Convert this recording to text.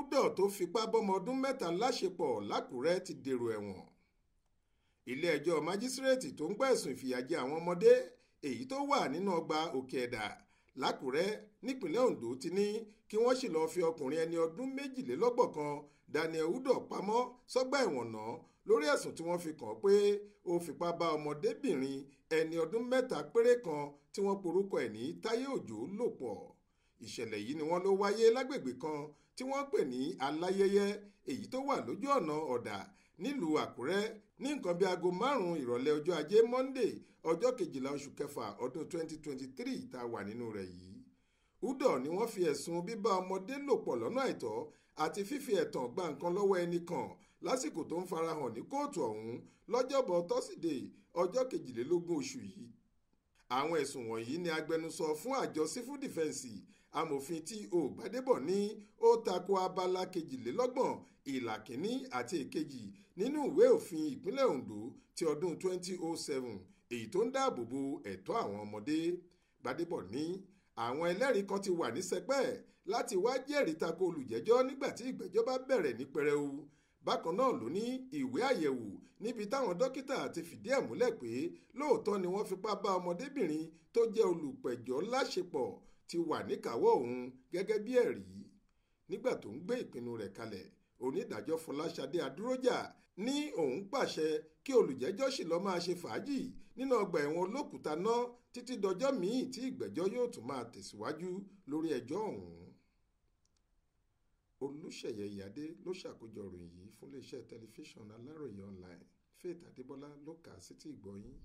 Udo tó fipá bọ́mọ ọdún mẹ́ta láṣepọ̀ lákùrẹ́ ti dèrò ẹ̀wọ̀n ilé-ẹjọ́ májísírèètì tó ń gbọ́ ẹ̀sùn ìfìyàjẹ àwọn ọmọdé èyí tó wà nínú ọgbà òkè ẹ̀dà lákùrẹ́ nípínlẹ̀ ondo ti ní kí wọ́n sì lọ́ọ́ fi ọkùnrin ẹni ọdún méjìlélọ́gbọ̀n kan daniel udor pamọ́ sọ́gbà ẹ̀wọ̀n náà lórí ẹ̀sùn tí wọ́n fi kàn án pé ó fipá bá ọmọdébìnrin ẹni ọdún mẹ́ta péré kan tí wọ́n porúkọ ẹ̀ ní táyé òjò lò pọ̀ ìṣẹ̀lẹ̀ yìí ni wọ́n ló wáyé lágbègbè kan tí wọ́n pè ní aláyẹyẹ èyí tó wà lójú ọ̀nà ọ̀dà nílùú àkúrẹ́ ní nǹkan bíi aago márùn-ún ìrọ̀lẹ́ ọjọ́ ajé monday ọjọ́ kejìlá oṣù kẹfà ọdún 2023 tá a wà nínú rẹ̀ yìí udo ni wọ́n fi ẹ̀sùn bíbá ọmọdé lò pọ̀ lọ́nà àìtọ́ àti fífi ẹ̀tàn gba nǹkan lọ́wọ́ ẹnì kan lásìkò tó ń farahàn ní kóòtù ọ̀hún lọ́jọ́bọ̀ tọ́sídẹ̀ẹ́ ọjọ́ kejìlélógún oṣù yìí àwọn ẹ̀sùn wọ̀nyí ni agbẹnusọ fún àjọ sífù dìfẹ́ǹsì amòfin tí ògbàdébọ̀ ní ó tako abala kejìlélọ́gbọ̀n ìlà kínní àti èkejì nínú ìwé òfin ìpínlẹ̀ Ondo ti ọdún 2007 èyí tó ń dáàbò bo ẹ̀tọ́ àwọn ọmọdé gbàdébọ̀ ní àwọn ẹlẹ́rìí kan ti wà ní sẹpẹ́ láti wá jẹ́rìí tako olùjẹ́jọ́ nígbà tí ìgbẹ́jọ́ bá bẹ̀rẹ̀ ní pẹrẹu bákan náà ló ní ìwé àyẹ̀wò níbi táwọn dókítà ti fìdí ẹ̀ múlẹ̀ pé lóòótọ́ ni wọ́n fipá bá ọmọdébìnrin tó jẹ́ olùpẹ̀jọ́ láṣepọ̀ ti wà níkàáwọ́ òun gẹ́gẹ́ bí ẹ̀rí nígbà tó ń gbé ìpinnu rẹ̀ kalẹ̀ onídàájọ́ fọláṣadé adúrójà ní òun pàṣẹ kí olùjẹ́jọ́ sì lọ́ọ́ máa ṣe fàájì nínú ọgbà ẹ̀wọ̀n olókùúta náà títí dọjọ́ míì tí ìgbẹ́jọ́ yóò tún máa tẹ̀síwájú lórí ẹjọ́ ọ̀hún. olùṣeyẹ ìyáde ló ṣàkójọ ròyìn yìí fún iléeṣẹ́ tẹlifíṣàn aláròye online faith adébọlá ló kà á sétí ìgbọ́ yín.